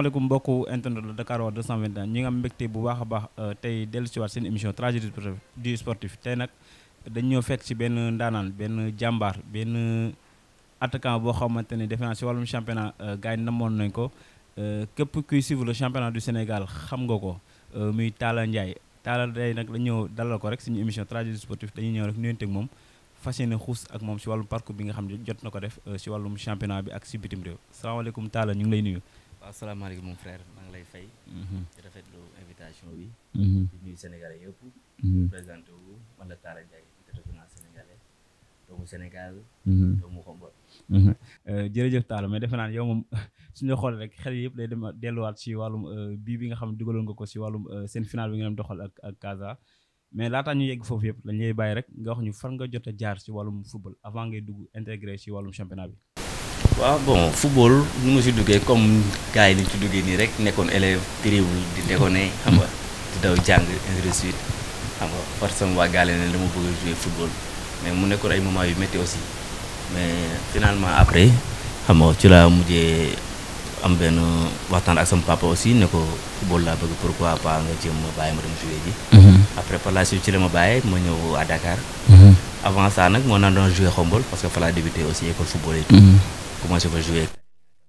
asalaamaaleykum mbokku internet la Dakar waa 221 ñi a baax euh, tey dellu si seen émission tragédie du sportif tey nag dañ ñoo fekk si benn ndaanaan benn jàmbaar benn attaquant boo xamante ne defe naa si wàllum championnat euh, gars yi namoon nañ ko euh, képp kuy suivre le du Sénégal xam nga ko muy Talla Ndiaye Talla Ndiaye nag dañ ñëw dalal ko rek suñu émission tragédie du sportif dañuy ñëw rek nuyonteeg moom fas yéene xuus ak moom si wàllum parcours bi nga xam ne jot na ko def si wàllum championnat bi ak si bitim réew salaamaaleykum Talla ñu ngi lay nuyu waaw asalaamaaleykum mon frère maa ngi lay fay. Mhm. di lu invitation bi. Mhm. di nuyu Sénégalais yëpp. Mhm. di présenté wu man la doomu Sénégal. doomu Xombol. Euh, jërëjëf Talla mais defe naa ne yow moom suñu xool rek xel yëpp day dem delluwaat ci wàllum euh, bii bi nga xam ne dugaloon nga ko ci wàllum euh, seen final bi nga dem doxal ak ak Casa mais laataa ñu yegg foofu yëpp dañ lay bàyyi rek nga wax ñu fan nga jot jaar ci wàllum football avant ngay dugg intégré ci wàllum championnat bi. ah bon football nous ma si comme gars yi ni ci duggee nii rek nekkoon élève tëréewul di déconné xam nga di daw jàng ainsi de suite xam nga forcément waa gaale ne dama bëgg jouer football mais mu nekkoon ay moments yu métti aussi mais finalement après xam nga ci laa mujjee am benn waxtaan ak sama papa aussi ne ko football laa bëgg pourquoi pas nga jéem ma bàyyi ma dem jouer ji mhm. après par la suite ci la ma bàyyee ma ñëw à Dakar mhm. avant ça nag moo naan doon jouer xombol parce que fa laa débuté aussi école football mhm. commencé fa jouer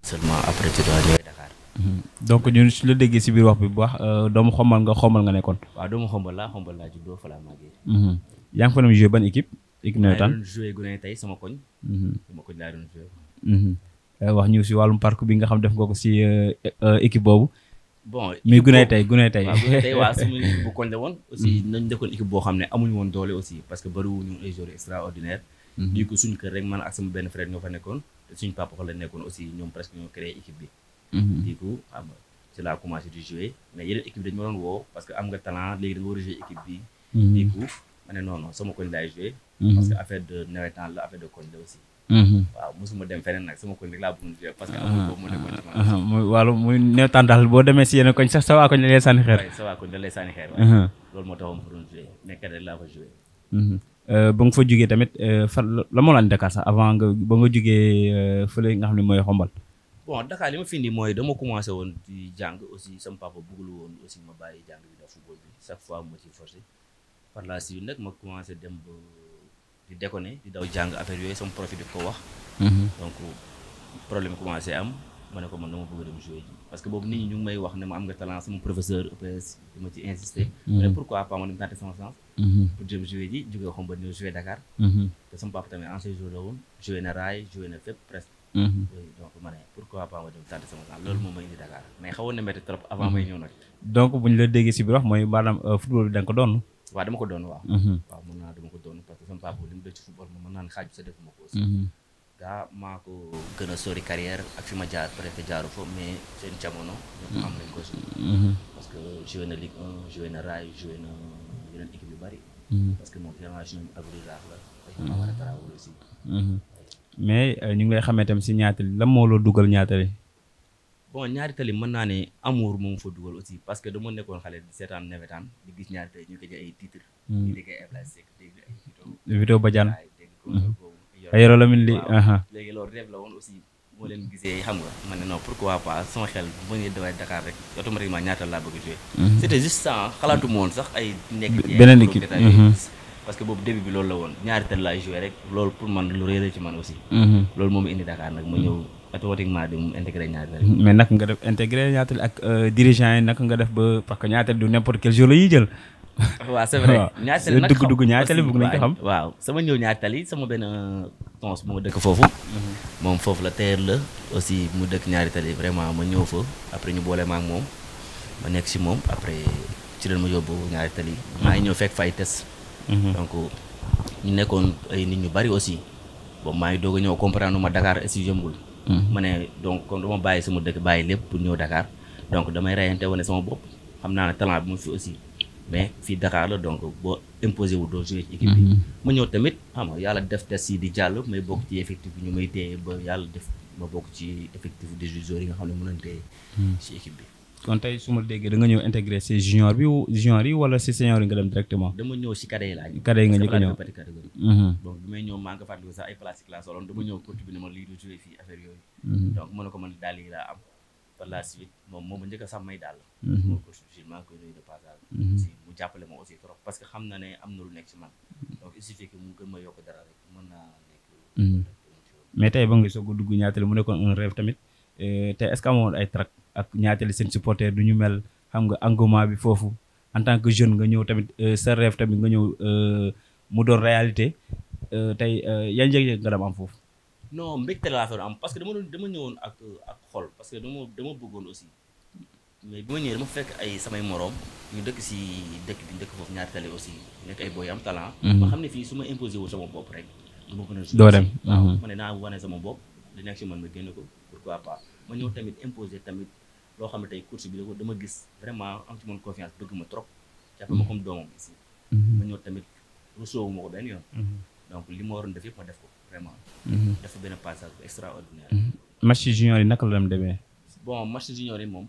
seulement après mhm. donc ñun su la déggee si biir wax bi bu wax euh, doomu xombal nga xombal nga nekkoon. waaw doomu xombal laa xombal laa juddoo fa laa màggee. Mhm. yaa ngi fa doon jouer ban équipe. équipe nawetaan maa ngi doon jouer tey sama koñ. Mhm. sama koñ euh, wax ñu si wàllum parcours bi nga xam def nga ko si euh, équipe boobu. bon mais Guney tey Guney tey. waaw Guney tey waaw bu koñ la woon. aussi nañu nekkoon équipe boo xam ne amuñu woon doole aussi parce que bëriwuñu extraordinaire Mhm. du coup suñu kër rek man ak sama benn frère ñoo fa nekkoon te suñu papa fa la nekkoon aussi ñoom presque ñoo créé équipe bi. Mhm. du coup xam laa commencé di jouer mais yeneen équipe parce que am nga talent léegi da nga war a bi. Mhm. du coup ma ne non non sama koñ laay jouer. parce que affaire de nawetaan la affaire de koñ la aussi. waaw mosuma dem feneen nag sama koñ laa bëggoon jouer parce que ah, amul boobu moo nekkoon ci man. Ah, muy daal boo demee si yeneen koñ sax sa waa koñ la lay sa waa koñ la lay xeer. loolu moo taxoon ma fa doon Euh, ba nga fa jugee tamit euh, fan la moo laan Dakar sax avant nga ba nga jugee euh, fële nga xam ne mooy xombal. bon Dakar li ma fi indi mooy dama commencé woon di jàng aussi sama papa bëggul woon aussi ma bàyyi jàng bi ndax football chaque fois moo ci forcé par la suite nag ma commencé dem ba di déconné di daw jàng affaire yooyu sama profit di ko wax. Mhm. donc problème commencé am. ma ne ko man dama bëgg dem jouer ji parce que boobu nit ñi ñu may wax ne ma am nga talent sama professeur EPS dama ci insister. Mm-hmm. mais pourquoi pas ma dem tenter mm-hmm. mm-hmm. te sama papa tamit ancien joueur la woon jouer na raay jouer na fépp presque. donc ma ne pourquoi pas ma dem tenter sama chance loolu moom ma indi Dakar mais xawoon na métti trop avant may ñëw nag. donc bu ñu la déggee si biir wax mooy maanaam euh, football bi da ko doon. waaw dama ko doon waaw. waaw naa dama ko doon parce daa maa ko gën ak fi ma jaar préfet jaaru foofu mais seen jamono. ñëpp am nañ ko mm-hmm. parce que joué mm-hmm. la. Mm-hmm. mais euh, ñu ngi lay xamee tam si ñaata lan moo loo dugal ñaata li bon ñaari tali mën naa ni amour moom fa dugal aussi parce que dama nekkoon xale di seetaan nawetaan di gis ñaari tali ñu ko jël ay titre ñu dégg ay Yoro Lamine Ly léegi loolu rêve la woon aussi moo leen gisee xam nga man ne non pourquoi pas sama xel bu ñu demee Dakar rek automatiquement a joué mhm. c'était juste ça ma sax ay nekk beneen équipe mhm. parce que boobu début loolu la woon ñaari tel laay joué rek loolu pour man lu réer ci man aussi mhm. loolu moom indi Dakar nag ma ñëw automatiquement di mu intégré ñaateel. mais naka nga def intégré ñaateel ak euh, dirigeant nga def ba parce que ñaateel du n'importe quel la ñuy jël waaw c'est vrai ñaari tali nag dugg dugg ñaari tali bëgg nañ ko xam waaw sama ñëw ñaari tali sama benn euh, tons moo dëkk foofu mhm. moom foofu la teer la aussi mu dëkk ñaari tali vraiment ma ñëw fa après ñu boole ma moom ma nekk si moom après ci leen ma yóbbu ñaari tali mhm. maa ngi ñëw fekk fay test mhm. donc ñu nekkoon ay nit ñu bari aussi boobu maa ngi doog ñëw comprendre ma dakaar si yëmbul ma ne donc kon du ma bàyyi suma dëkk bàyyi lépp pour ñëw dakaar donc damay rayante wane sama bopp xam naa ne talent bi mu fi aussi mais fii Dakar la donc boo imposé doo joué ci équipe bi. Mhm. ma ñëw tamit yàlla def test yi di jàll may bokk ci effectif bi ñu may téye ba yàlla def ma bokk ci effectif des joueurs yi nga xam ne mën nañu téye mhm. ci équipe bi. kon tey su déggee da nga ñëw intégré si junior bi junior yi wala si senior dama ñëw si cadet yi laa ñëw. cadet yi nga mhm. ñëw maa nga fàttali sax ay place classe soloon dama ñëw coach bi ne ma lii du joué fii affaire yooyu. donc mën na ko mën daal yi laa am par la a sax may daal. moo coach mu jàppale ma aussi trop parce que xam na ne am na lu nekk ci man donc il suffit que mu gën ma yokk dara rek mën naa nekk hmm. mais tey ba nga soog a dugg ñaatale mu nekkoon un rêve tamit eh, tey est ce que amoon ay trac ak ñaatale seen supporter du ñu mel xam nga engouement bi foofu en tant que jeune nga ñëw tamit eh, sa rêve tamit nga ñëw eh, mu doon réalité tey yan yëg-yëg nga dam am foofu non mbégte laa fa am parce que dama doon dama ñëwoon ak ak xol parce que dama dama bëggoon aussi mais bi ma ñëwee dama fekk ay samay moroom ñu dëkk si dëkk bi dëkk foofu ñaari tali aussi nekk ay booy am talent. ma mhm. xam ne fii su ma imposé wu sama bopp rek. du ma mën a mhm. naa wane sama bopp di nekk si man ma génn ko pourquoi pas ma ñëw tamit imposé tamit loo xam ne tey course bi dama gis vraiment am ci man confiance ma trop jàppe ma mhm. comme doomam aussi. tamit rusoo wu ma ko benn li ma waroon def yëpp def ko vraiment. def benn passage bu extraordinaire. match junior yi naka la dem demee. bon match junior yi moom.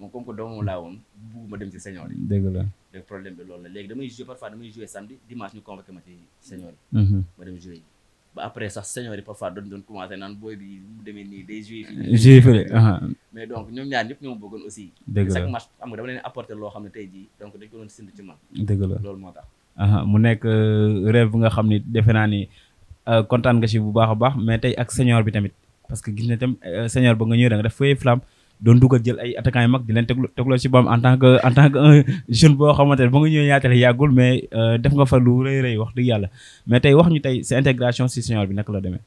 moom comme que doomu laa woon bugguma dem ci senior yi. dëgg la loolu la léegi damay jouer parfois damay jouer samedi dimanche ñu convoqué ma ci senior yi. Mhm. ma dem jouer yi parfois doon doon nii day jouer fii. jouer fële donc ñoom ñaar ñëpp ñoo bëggoon aussi. dëgg chaque match xam nga dama leen apporter loo xam ne tey jii donc dañ ko doon sind ci man. dëgg la loolu moo tax. mu nekk euh, rêve nga xam ni defe naa ni euh, kontaan nga si bu baax a baax mais tey ak senior bi tamit parce que euh, ba nga ñëw da nga def feuille flamme. don dugal jël ay attaquants yu mag di leen teglo tegloo ci bam en tant que en tant que un jeune boo xamante ne ba nga ñëwee ñaatale yàggul mais euh, def nga fa lu rëy rëy wax dëgg yàlla mais tey wax ñu tey sa intégration ci senior bi naka la demee.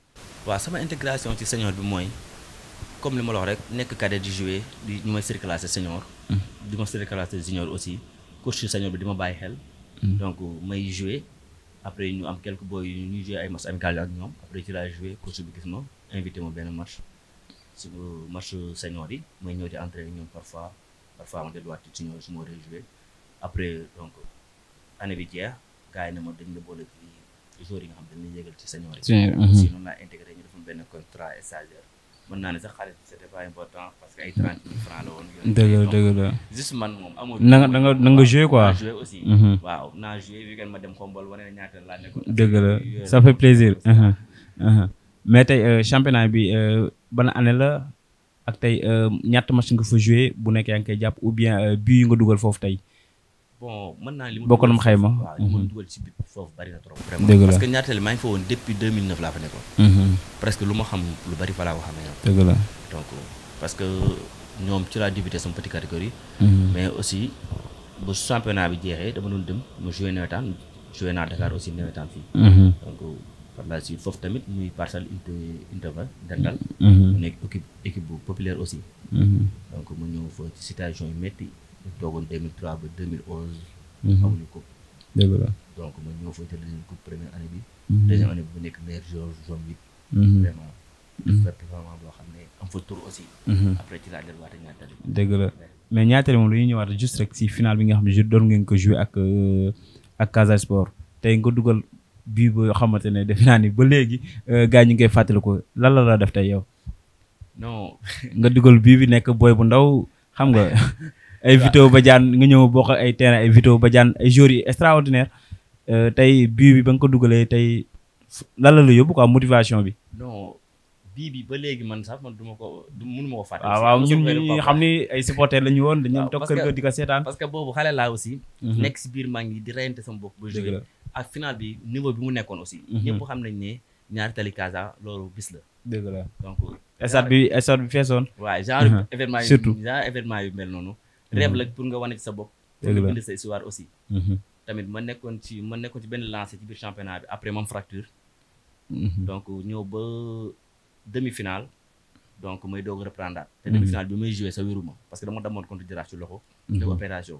waaw sama intégration ci senior bi mooy comme li ma la wax rek nekk cadet di jouer di ñu may surclassé senior. Mm. di ma surclassé junior aussi coach ci senior bi di ma bàyyi xel. Mm. donc may jouer après ñu am quelques boy ñu ñuy jouer ay match amical ak ñoom après ci laa jouer coach bi gis ma invité ma benn match suñu match senior yi may ñëw di entraîner ñoom parfois parfois ma delluwaat ci junior su ma rejoué après donc année bi jeex gars yi ne ma dañ la boole ci joueurs yi nga xam dañ la yégal ci senior yi si noonu intégré ñu defoon benn contrat stagiaire mën naa ne sax xaalis c'était pas important parce que ay trente mille francs la woon dëgg la dëgg juste man moom amoo na nga na nga nga joué quoi joué aussi waaw naa joué weekend ma dem xombal wane na ñaata laa nekkoon dëgg la ça fait plaisir mais tey championnat bi ban année la ak tey euh, ñatt match nga fa jouer bu nekk yang kay japp ou bien euh, bi nga dugal fofu tay bon mën naa li ma bokkoon xayma. waaw li ma mhm. dugal ci biir fofu bari na trop. vraiment parce que ñattel ma ngi fa won depuis 2009 la fa nekkoon. Mhm. presque luma xam lu bari fa laa ko xamee. deug la donc parce que ñom ci la débuter son petite catégorie. Mhm. mais aussi bu championnat bi jeexee dama doon dem jouer na nawetaan jouer na Dakar aussi nawetaan fii. donc par la suite foofu tamit muy parcelle unité interval ba Dendal. Mm-hmm. mu nekk équipe équipe bu populaire aussi. Mm-hmm. donc mu ñëw fa ci situation yu métti. toogoon 2003 ba 2011. Mm-hmm. amuñu ko dëgg la donc mu ñëw fa jël nañu première année bi. deuxième année bu mu nekk meilleur joueur zone bi. vraiment. def vraiment boo xam ne am fa tour aussi. après ci laa delluwaate ñaatali. dëgg la mais ñaatali moom dañuy ñëwaat juste rek si final bi nga xam ne doon ngeen ko joué ak euh, ak Casa Sport tey nga dugal. bii boo xamante ne def naa ni ba léegi euh, gars ñu ngi koy fàttaliku lan la la def tey yow. non nga dugal bii bi nekk booy bu ndaw xam nga. ay vidéo ba jaan nga ñëw bokk ay terrain ay vidéo ba jaan ay joueurs yi extraordinaire euh, tey bii bi ba nga ko dugalee tey lan la la yóbbu quoi motivation bi. non bii bi ba léegi man sax man du ko du ko fàtte. Ah, waaw waaw ñun ñi xam ni ay supporter la ñu woon dañu toog kër ko seetaan. Mhm. nekk si biir maa ngi di reyante sama bopp ak final bi niveau bi mu nekkoon aussi. Mhm. ñëpp xam nañ ne ñaari tali Casa loolu bis la. dëgg la donc. stade bi stade bi feesoon. waaw genre mhm. événement yi surtout genre événement yu mel noonu. Mhm. rêve la pour nga wane ci sa bopp. dëgg la pour sa histoire aussi. tamit ma nekkoon ci ma nekkoon ci benn lancé ci biir championnat bi après moom fracture. donc ñëw ba demi finale donc may doog reprendre daal. te demi finale bi may joué sa wéruma parce que dama demoon contre Jaraaf ci loxo. def opération.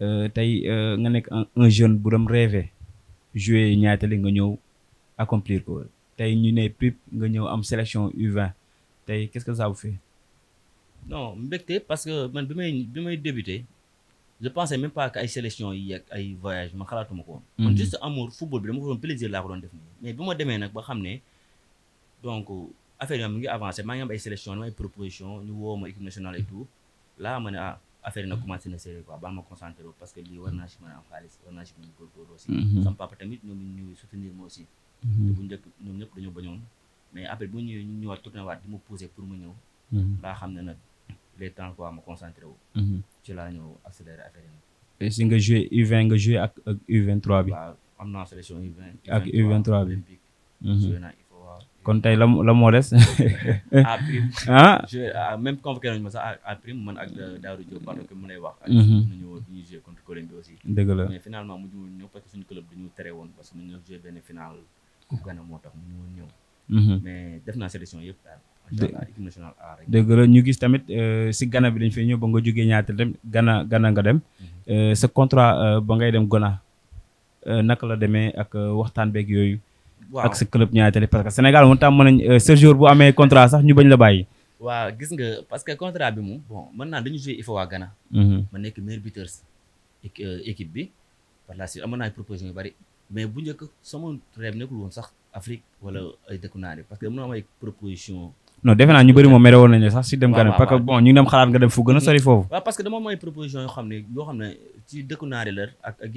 Euh, tay euh, nga nek un jeune bu doon rêvé jouer ñaatali nga ñëw accomplir ko tay ñu né PIP nga ñëw am sélection U20 tay qu'est-ce que ça vous fait. non mbekté parce que man bi may bi may débuté je pensais même pas que ay sélection yi ak ay voyage ma xalaatuma ko woon. Mhm. juste amour football bi dama ko plaisir la ko doon def mais bi ma demee nag ba xamné donc affaire yam mi ngi avancer ma ngi am ay sélection ay proposition ñu woo ma équipe nationale et tout laa ma ne ah. affaire yi nag na sérieux quoi baal ma concentré wu parce que lii war naa si mën a am xaalis war naa si mën a góorgóorlu aussi mhm. sama papa tamit ñoom ñu mhm. ñoom ñëpp dañoo bañoon mais après bu ñëwaat tourné di ma poussé pour ma ñëw mhm. laa xam ne nag les temps quoi ma concentré ci laa ñëw accéléré affaire yi nag si nga joué nga joué ak U23 bi waaw am naa sélection u ak U23 naa kon tey la la moo des. à prime. ah je même man ak euh, Daouda Diop mu lay wax. Mhm. ak ñu aussi. dëgg la mais finalement mujj wu woon parce que ñu joué benn final. Coupe Ghana mhm. def naa sélection yëpp daal. dëgg ñu gis tamit euh, si gana bi dañ fay ñëw ba nga jógee ñaata dem Ghana Ghana nga dem. Mhm. Euh, sa contrat ba ngay dem Ghana naka la demee ak waxtaan beeg yooyu. waaw ak parce que Sénégal moom tam mën nañ sa euh, jour bu amee contrat sax ñu bañ la bàyyi. waaw gis nga parce que contrat bi moom bon mën naa dañu joué il faut waa Ghana. Mhm. ma nekk meilleur buteur euh, équipe bi par la bari mais bu njëkk sama rêve woon sax Afrique wala ay dëkku naar yi parce que amoon naa ay proposition non defe naa ñu bëri moom mere woon nañu sax si dem Ghana parce que bon ñu ngi dem xalaat nga dem fu gën a sori foofu waaw parce que dama mooy proposition yoo xam ne yoo xam ne ci la ak ak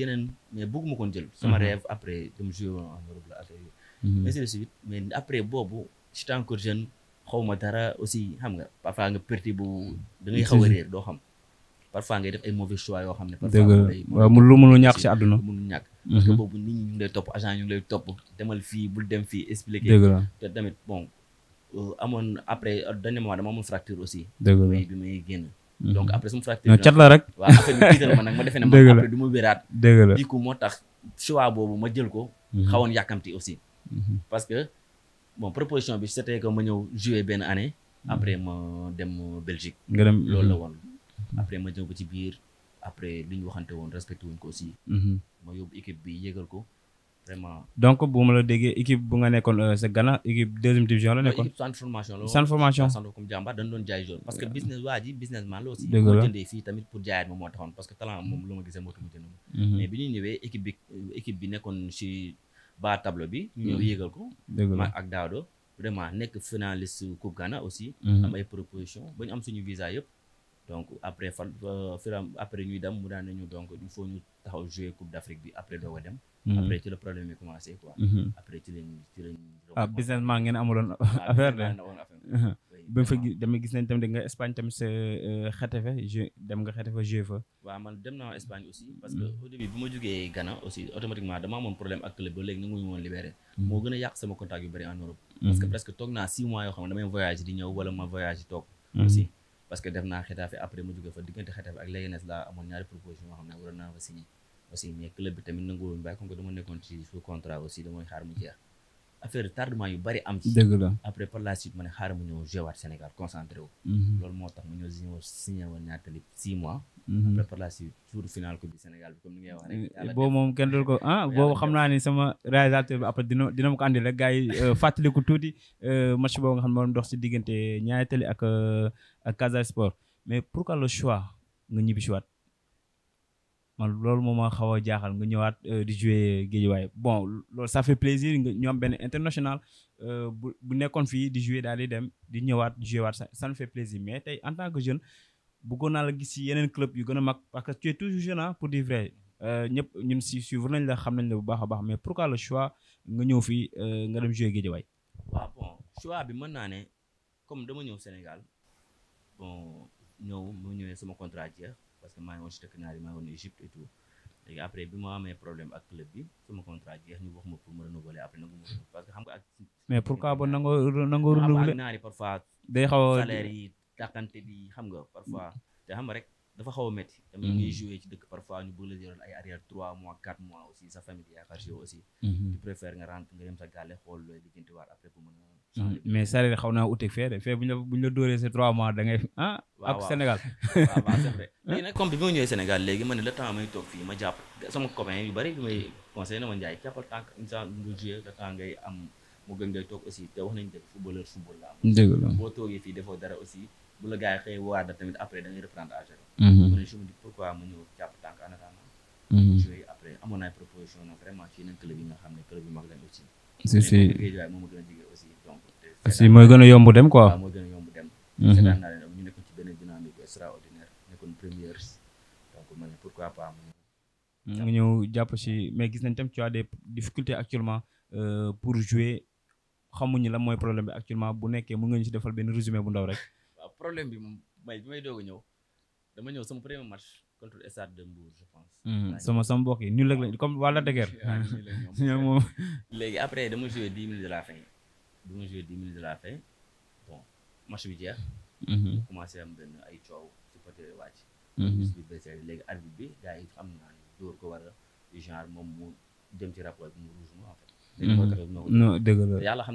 mais bëgguma koon jël sama mhm. rêve après dem joué woon en Mhm. ainsi de suite mais après boobu j'étais jeune xaw xawma dara aussi xam nga parfois nga perte bu da ngay xaw a réer doo xam parfois ngay def ay mauvais choix yoo xam ne parfois waaw mu lu mënul ñàkk si àdduna mënul ñàkk mhm. parce que boobu nit ñi ñu topp agent ñu lay topp demal fii bul dem fii expliqué te tamit bon euh, amoon après euh, dernier moment dama amoon fracture aussi mais bi génn mhm. donc après su ma fracture la rek waaw ma nag ma defee ne ma après du ma ko moo tax choix boobu ma jël ko xawoon yàkkamti aussi Mhm. parce que bon proposition c'était que je jouais jouer année. Mhm. après ma dem Belgique. nga dem mhm. après ma suis un ci après je aussi. équipe vraiment. donc bu équipe bu nga euh, deuxième division la formation formation parce que business est businessman aussi. pour parce que talent mais je équipe euh, équipe ba tableau bi. ñëw mm-hmm. yëgal ko. man ak Daado nekk finaliste Coupe Ghana aussi. Mm-hmm. am ay proposition ba ñu am suñu visa yëpp. donc après fan après ñuy dem mu daan nañu donc il faut ñu taxaw jouer Coupe d'Afrique bi après doo ko dem. Mm-hmm. après ci la problème yi commencé quoi. après ci lañ ci lañ. ah business man ngeen amuloon ah, affaire ba fa gis dama gis nañ tamit nga Espagne tamit sa Xetafe euh, je dem nga Xetafe joué fa. waaw man dem naa Espagne aussi. Mm. parce que au début bu ma jógee Ghana aussi automatiquement dama amoon problème ak club ba léegi mm. moo a mm. ñëw wala ma voyage toog. aussi parce que def naa Xetafe après ma jógee fa diggante Xetafe ak Leganés laa amoon ñaari proposition yoo xam ne waroon naa fa signé. aussi mais club bi tamit nanguwul bàyyi comme que dama nekkoon ci sous contrat aussi damay xaar affaire tardement yu bari am ci. dëgg la après par la suite ma ne xaaral ma ñëw joué waat Sénégal concentré wu. Mhm. loolu moo tax ma ñëw si ñëw signé woon ñaatali six mois. Mhm. après par la suite tour Sénégal bi comme ni ngay eh, boobu moom kenn dul ko ah boobu xam naa ni sama réalisateur bi après dina dina ma ko andil rek gars yi euh, fàttaliku tuuti euh, match boobu nga xam ne moo dox si diggante ñaatali ak euh, ak Casa Sport mais pourquoi le choix nga ñibbi si man loolu moom ma xaw a jaaxal nga ñëwaat euh, di jouer Guédiawaye bon loolu ça fait plaisir nga ñu am benn international euh, bu bu nekkoon fii di jouer daal di dem di ñëwaat jouer waat ça nous fait plaisir mais tey en tant que jeune bëggoon naa la gis si yeneen club yu gën a mag parce que tu es toujours jeune ah pour dire vrai euh, ñëpp ñun si suivre nañ la xam nañ la bu baax a baax mais pourquoi le choix nga ñëw fii nga dem jouer Guédiawaye. waaw bon choix bi mën naa ne comme dama ñëw Sénégal bon ñëw mu ñëwee sama contrat jeex. parce que maa ngi si dëkk naar yi maa ngi woon Égypte et tout après bi ma amee problème ak club bi sama contrat jeex ñu wax pour ma renouveler après nangu ma mais pourquoi ba nangoo nangoo naar yi parfois. day xaw a yi takkante bi xam nga parfois. te xam nga rek dafa xaw a métti. tamit ngay mhm. joué ci dëkk parfois ñu bëgg la arrière 3 mois 4 mois sa famille yaakaar si yow aussi. Mhm. tu préfères nga rentre nga dem sa gàlle xool looy lijjantiwaat après pour mën a. mais salaire xaw naa uti fee de fee bu ñu la bu ñu la dóoree ces trois mois da ah, ak Sénégal léegi nag comme bi ma ne le temps may toog fii ma jàpp sama copain yu bari bi may conseillé na ma Ndiaye jàppal tànk incha ngay am mu gën ngay toog aussi te wax nañ dëgg footballeur football la am. dëgg toogee fii defoo dara aussi bu la gars yi xëy waa da tamit après da ngay reprendre à zéro. Mhm. ma ne je me dis ma ñëw jàpp tànk mhm. aussi. si mooy gën a yomb dem quoi. mooy gën a yomb dem. seetaan naa leen ñu nekkoon ci benn dynamique extraordinaire nga ñëw jàpp si mais gis nañ tam tu as des difficultés actuellement euh, pour jouer xamuñu la mooy problème bi actuellement bu nekkee mën nga ñu si defal benn résumé bu ndaw rek. waaw problème bi moom may bi may doog a ñëw dama ñëw sama premier match contre Stade de Mbour je mhm. yi nii rek lañ comme wàllu dëgër. léegi après dama joué dix minutes de la fin. bi ma joué dix minutes de la fin bon match bi jeex. Mhm. mu commencé am benn ay coow ci côté wàcc. bis mhm. bi blessé léegi arbitre bi gars yi xam naa ne dóor ko war a genre moom mu dem ci rapport bi mhm. xam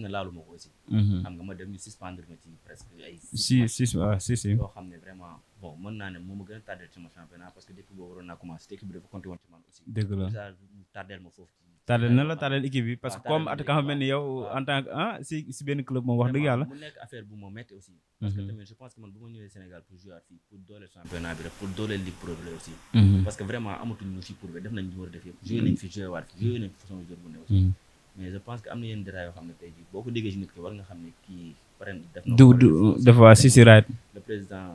ne laalu ma ko aussi. xam nga ma dem ñu ma ci presque ay. si si waaw si si. loo xam ne vraiment bon mën naa ne moom ma gën a tardé ci ma championnat parce que depuis boobu waroon naa commencé te équipe bi dafa compté woon ci man aussi. dëgg la tardel ma foofu. taalel na la taalel équipe bi parce que comme attaquant mel ni yow en tant que ah si si benn club moom wax dëgg yalla mu nekk affaire bu ma métti aussi. Mhm. parce que tamit je pense que man bu ma ñëwee Sénégal pour jouer fi pour dooleel championnat bi pour dooleel ligue pro bi aussi. Mhm. parce que vraiment amatu ñu si pour def nañ ñu def yépp joué nañ fi jouer war fi joué nañ façon joueur bu ne mhm. mais je pense que am na yenn détails yoo xam ne tey jii boo ko nit ki war nga xamné ki kii def na. du du dafa si si raad. le président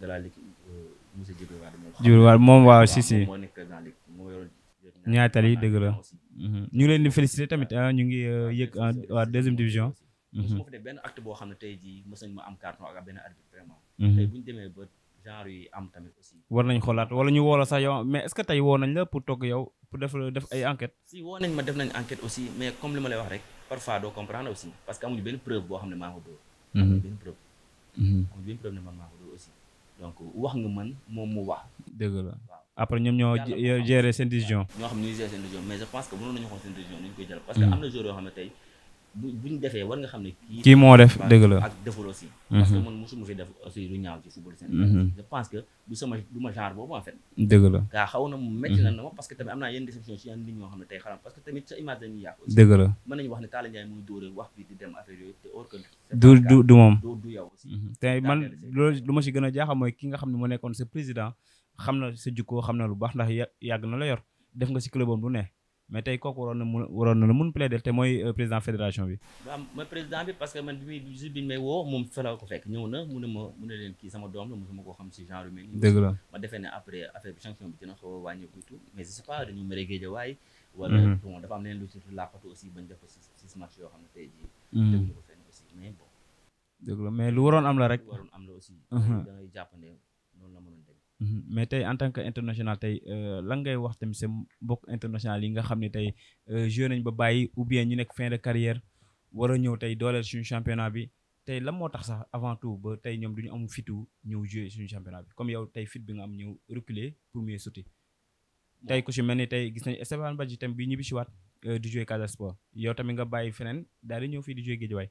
de la ligue euh, monsieur Djibril Wade. mom Wade waaw si si. moo nekk dans ligue moo yoroon. ñaatali dëgg la. Mhm. ñu ngi leen di tamit ah, ñu ngi euh, ah, yëg ah, waa deuxième division. Mhm. boo xam ne tey jii mës nañ ma am carton ak benn mhm. bu ñu demee ba yi am tamit aussi. war nañ xoolaat wala ñu woo la sax yow mais est-ce que tey woo nañ la pour togg yow pour def def ay enquêtes. si woo nañ ma def nañ enquête aussi mais comme li ma lay wax rek parfois doo comprendre aussi parce que amuñu benn preuve boo xam ne maa ko dóor. donc wax nga man moom mu wax. dëgg la. après ñoom ñoo gérer seen décision. ñoo xam seen décision mais je pense que mënoon nañu xool seen décision hmm. nañu ñu defee war hmm. parce que man mosuma fi def aussi du du moom hmm. te man lu ma si gën a mooy ki nga xam ne moo nekkoon sa président xam na sa jukkoo xam na lu baax ndax yàgg na la yor def nga si clubam lu ne mais tey kooku waroon na la mun plaider te mooy euh, président fédération bi. waaw président bi que man bi muy bi may woo moom fa ko fekk ñëw na mu ne ma mais mhm. bon dafa am leen lu ci làqatu aussi bañ def ko si yoo xam ne tey jii. Mhm. dëgg la mais lu waroon am la rek. lu waroon am la aussi. Mhm. da ngay jàpp Mhm. mais tey en tant que international tey euh, lan ngay wax tamit sa mbokk international yi nga xam ne tey euh, joué nañ ba bàyyi ou bien ñu nekk fin de carrière war a ñëw tey dooleel suñu championnat bi tey lan moo tax sax avant tout ba tey ñoom duñu am fitu ñëw joué suñu championnat bi comme yow tey fit bi nga am ñëw reculer pour mieux sauter. tey ku si mel ni tey gis nañ Stéphane Badji tam bi ñibbi si waat euh, di joué Casa Sport yow tamit nga bàyyi feneen daal di ñëw fii di joué Guédiawaye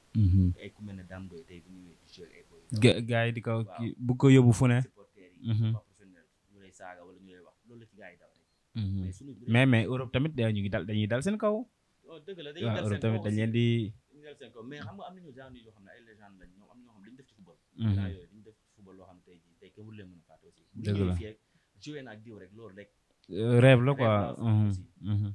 Mm-hmm. ay ku mel ne Dame Doye tey bu ñëwee di jël ay boy gars yi di kaw kii bu ko yóbbu fu ne supporters yi mm-hmm. professionnel ñu lay saaga wala ñu lay wax loolu la ci gars yi daw rek mm-hmm. mais mais Europe tamit dañuy dal dañuy dal seen kaw waaw oh, dëgg la dañuy dal seen kaw dañ leen di dañuy dal seen kaw mais xam nga am nañu genre yoo xam ne ay légende lañ ñoom am ñoo xam dañu def ci football gaa yooyu dañu def ci football loo xam tey jii tey kenn wulee mën a fàtte aussi bu ñu fii rek joué naag diw rek loolu rek euh, rêve la quoi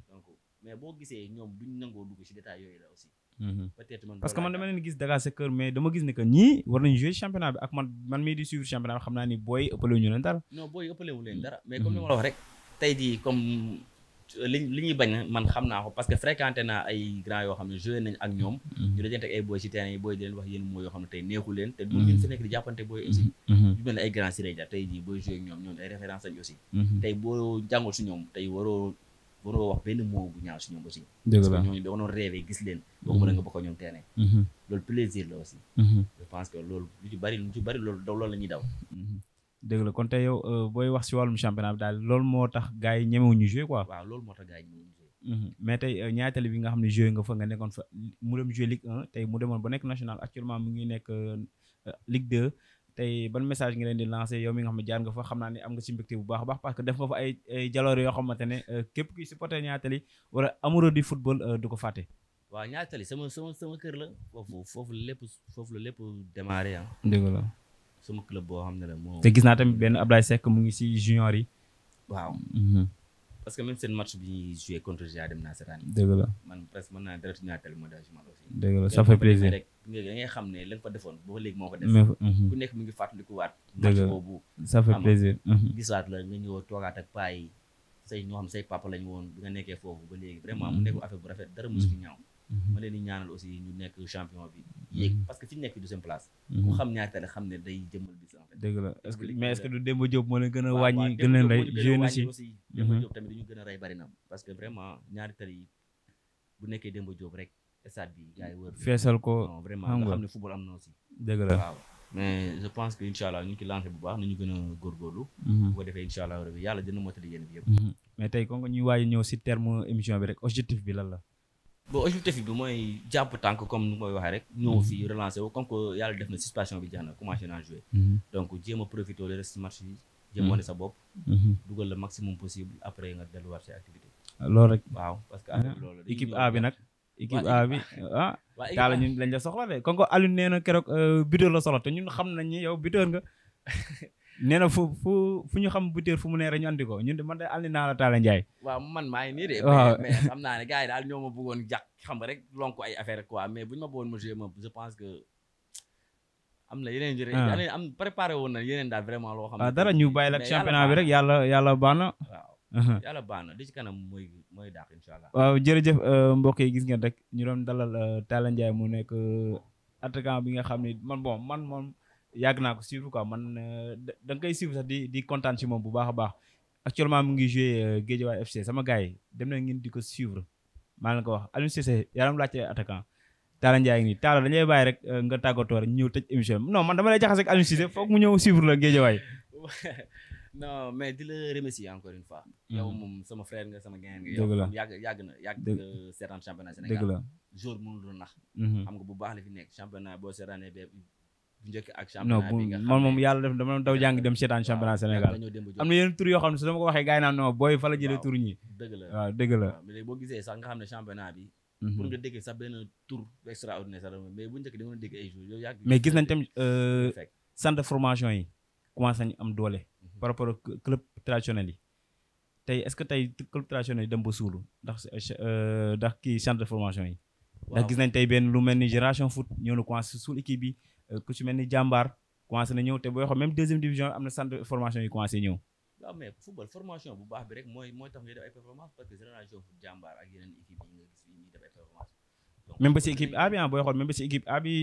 donc mais boo gisee ñoom duñ nangoo dugg ci détail yooyu la aussi Mm-hmm. peut-être man parce que man dama leen gis Dakar Soccer mais dama gis ne ñii war nañu jouer championnat bi ak man mii di suivre championnat bi xam naa ni booy ëppale leen dara. mais comme li mm-hmm. ma la wax rek tey bañ man xam naa ko parce que fréquenté naa ay grand yoo xam ne joué nañ ak ñoom. Mm-hmm. ñu dajante di wax yéen mooy yoo xam ne tey neexu leen. te bu ngeen fi nekk di booy aussi. ñoom ñoom ay référence lañ aussi. tey boo jàngul si ñoom tey waroo waroo wax benn mot bu ñaaw si ñoom aussi. dëgg la parce que ñooñu da nga doon rêvé gis leen. boo mën a nga bokk ñoom terrain. Mhm. loolu plaisir la daal loolu moo tax gars ñemewuñu joué quoi. waaw loolu moo tax gars yi ñemewuñu joué. Mhm. mais tey euh, nga xam ne joué nga fa nga nekkoon fa mu dem joué tey mu demoon ba nekk national actuellement mu ngi nekk euh, Ligue 2. tey ban message nga leen di lancé yow mi nga xam ne jaar nga fa xam naa ne am nga ci mbégte bu baax a baax parce que def nga fa ay ay yoo xamante ne euh, képp kuy supporter Niary Tally wala amoureux du football euh, du ko fàtte. waaw Niary Tally sama sama sama kër la foofu foofu lépp foofu la lépp démarré ah. dëgg la. sama club boo xam ne la moo. te gis naa tamit benn Ablaye Seck mu ngi si junior yi. waaw. Mhm. parce que même seen match bi ñuy joué contre GA dem naa seetaan. dëgg la man presque mën naa direct ñaataal ma daal si man aussi. dëgg la ça fait plaisir rek xam ne lañ fa defoon ba léegi moo mhm. nekk ngi fàttaliku waat. match boobu ça fait plaisir. Mhm. gisaat la nga ñëw toogaat ak paa yi say ñoo xam say papa lañu woon bi nga nekkee foofu ba léegi vraiment mu mhm. nekk affaire bu rafet dara musu fi Mm-hmm. ma leen di ñaanal aussi ñu nekk champion bi. yéeg mm-hmm. parce que fi ñu nekk deuxième place. Mm-hmm. ku xam ñaata la xam ne day jëmmal bis en fait. dëgg la est-ce a wàññi. gën leen rey jeune aussi. Demba Diop tamit dañu gën a rey bari na. parce que vraiment ñaari tali yi bu nekkee Demba Diop rek stade bi gars yi feesal ko non vraiment nga xam ne football am na aussi. dëgg la waaw mais je pense que incha allah ñu ngi ci lancé bu baax nañu gën a góorgóorlu. bu ko defee incha allah rabi yàlla dina motali yéen bi yëpp. mais tey kon ñuy waaj ñëw si terme émission bi rek objectif bi lan la bon objectif bi mooy jàpp tànk comme ni ma koy waxee rek. ñëw fii mhm. relancer wu comme que yàlla def na suspension bi jeex na commencé naa jouer. Mhm. donc jéem a profité mhm. maximum possible après nga delluwaat si activité. loolu rek waaw parce que affaire loolu la. Ah, équipe A bi nag. ko Aliou na keroog euh, buteur la solo te ñun xam nañ ni yow nga. nee na fu fu fu ñu xam butéel fu mu nee rek ñu andi ko ñun de man de andi naa la Talla Ndiaye. waaw man maa ngi nii de. waaw mais xam naa ne gars yi daal ñoo ma bëggoon jàq xam nga rek lonk ay affaire quoi mais bu ñu ma bëggoon ma joué ma je pense que am na yeneen jërë. Ah. yeneen am woon na yeneen vraiment loo xam ah, dara ñu bàyyi la championnat bi rek yàlla yàlla yàlla baax na li ci kanam mooy mooy dàq jërëjëf euh, mbokk yi gis ngeen rek ñu doon dalal euh, Talla Ndiaye mu nekk euh, attaquant bi nga xam ne man bon man moom yàgg naa ko suivre quoi man euh, da koy suivre sax di di kontaan ci moom bu baax a baax actuellement mu ngi joué euh, Guédiawaye FC sama gars yi dem na ngeen di ko suivre maa leen ko wax Aliou Cissé yaram laajte attaquant Talla Ndiaye ngi nii Talla dañu lay bàyyi rek euh, nga tàggatoo rek ñëw tëj émission non man dama lay jaxase ak Aliou foog mu ñëw suivre la Guédiawaye non mais di la remercier encore une fois. Mm-hmm. sama frère nga sama gain nga. dëgg la yow yàgg yàgg na yàgg seetaan championnat Sénégal. dëgg la jour mënul nax. Mm-hmm. am nga bu baax la fi nekk championnat boo seetaanee bu njëkk ak championnat bi nga xam man moom yàlla def dama daw jàng dem seetaan championnat Sénégal am na yeneen tur yoo xam ne su dama ko waxee gars yi naan non booy fa la jëlee tur ñi dëgg la waaw dëgg la léegi boo gisee sax nga xam ne championnat bi mhm. pour nga dégg sax benn tur extraordinaire sax mais bu njëkk da nga dégg ay jours yow yàgg mais gis nañ tamit euh, centre de formation yi commencé nañ am doole mhm. par rapport ak club traditionnel yi tey est-ce que tey club traditionnel yi dem ba suulu ndax euh, ndax kii centre de formation yi ndax gis nañ tey benn lu mel ni génération foot ñoo na commencé suul équipe bi Euh, ku ci mel ni jàmbaar commencé na ñëw te booy xam même deuxième division am na centre formation yi commencé ñëw. waaw mais football formation bu baax bi rek mooy mooy tax ngay def ay performance parce que génération bu jàmbaar ak yeneen équipe yi nga gis yi ñuy def ay performance même ba si équipe A bi ah booy xool même ba si équipe A bi.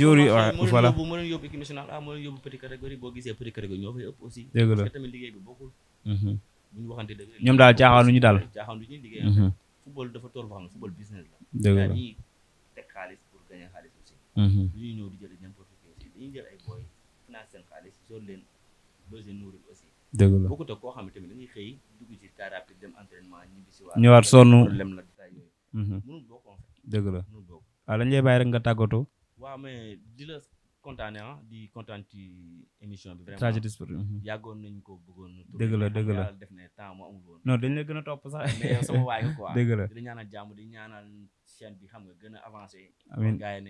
jour yi voilà moo leen yóbbu équipe nationale ah moo leen yóbbu petite catégorie boo gisee petit catégorie ñoo fay ëpp aussi. dëgg la parce que tamit liggéey bi bokkul. Mhm. bu ñu waxante dëgg ñoom daal jaaxaanuñu daal. jaaxaanuñu liggéey. Mhm. football dafa toll boo xam ne football business la. dëgg la dañuy teg xaalis pour gagner xaalis aussi. Mhm. ñuy ñëw di jël dañuy jël ay booy finance seen xaalis jox leen besoin nourrir aussi. dëgg la bokkut problème la détail yooyu. Mhm. mënul bokk en fait. dëgg la mënul bokk. waaw ah, dañ lay bàyyi rek nga tàggatoo. waaw mais di la kontaane ah bi. vraiment mhm. yàggoon nañu ko bëggoon. dëgg la dëgg la def ne temps moo amul woon. non dañ la gën a topp sax. mais yow sama di ñaanal jàmm di ñaanal chaîne bi xam a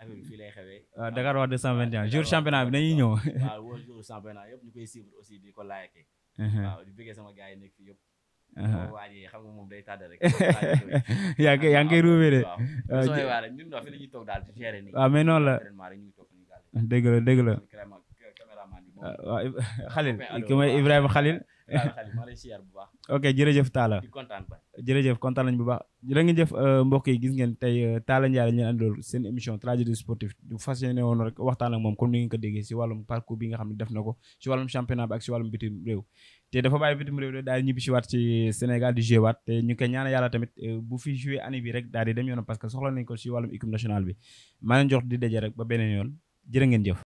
affaire bi fii lay xewee. waaw ah, ah, Dakar waa 221 jour championnat bi ah, championnat yëpp ñu koy suivre aussi di ko laajte. Uh-huh. waaw di bëggee sama gars yi nekk fii yëpp. Uh-huh. waa ji xam nga moom day tàdd rek. yaa ngi yaa ngi koy de. waaw uh, soo yëgee waa daal di gérer nii. waaw mais noonu la dëgg la dëgg Khalil ki Khalil. maa lay siyaar bu ok jërëjëf Talla di kontaan ba. jërëjëf kontaan nañ bu baax jërë ngeen jëf euh, mbokk yi gis ngeen tey euh, Talla Ndiaye la ñu andiloon seen émission tragédie sportive du fas yéene woon rek waxtaan moom kon ni ngeen ko déggee si wàllum parcours bi nga xam ne def na ko si wàllum championnat bi ak si wàllum bitim réew te dafa bàyyi bitim réew de ñibbi si waat ci Sénégal di joué waat te ñu koy ñaanal yàlla tamit euh, bu fi joué année bi rek daal di dem yoonam parce que soxla nañ ko si wàllum équipe nationale bi di daje rek ba beneen yoon jërë ngeen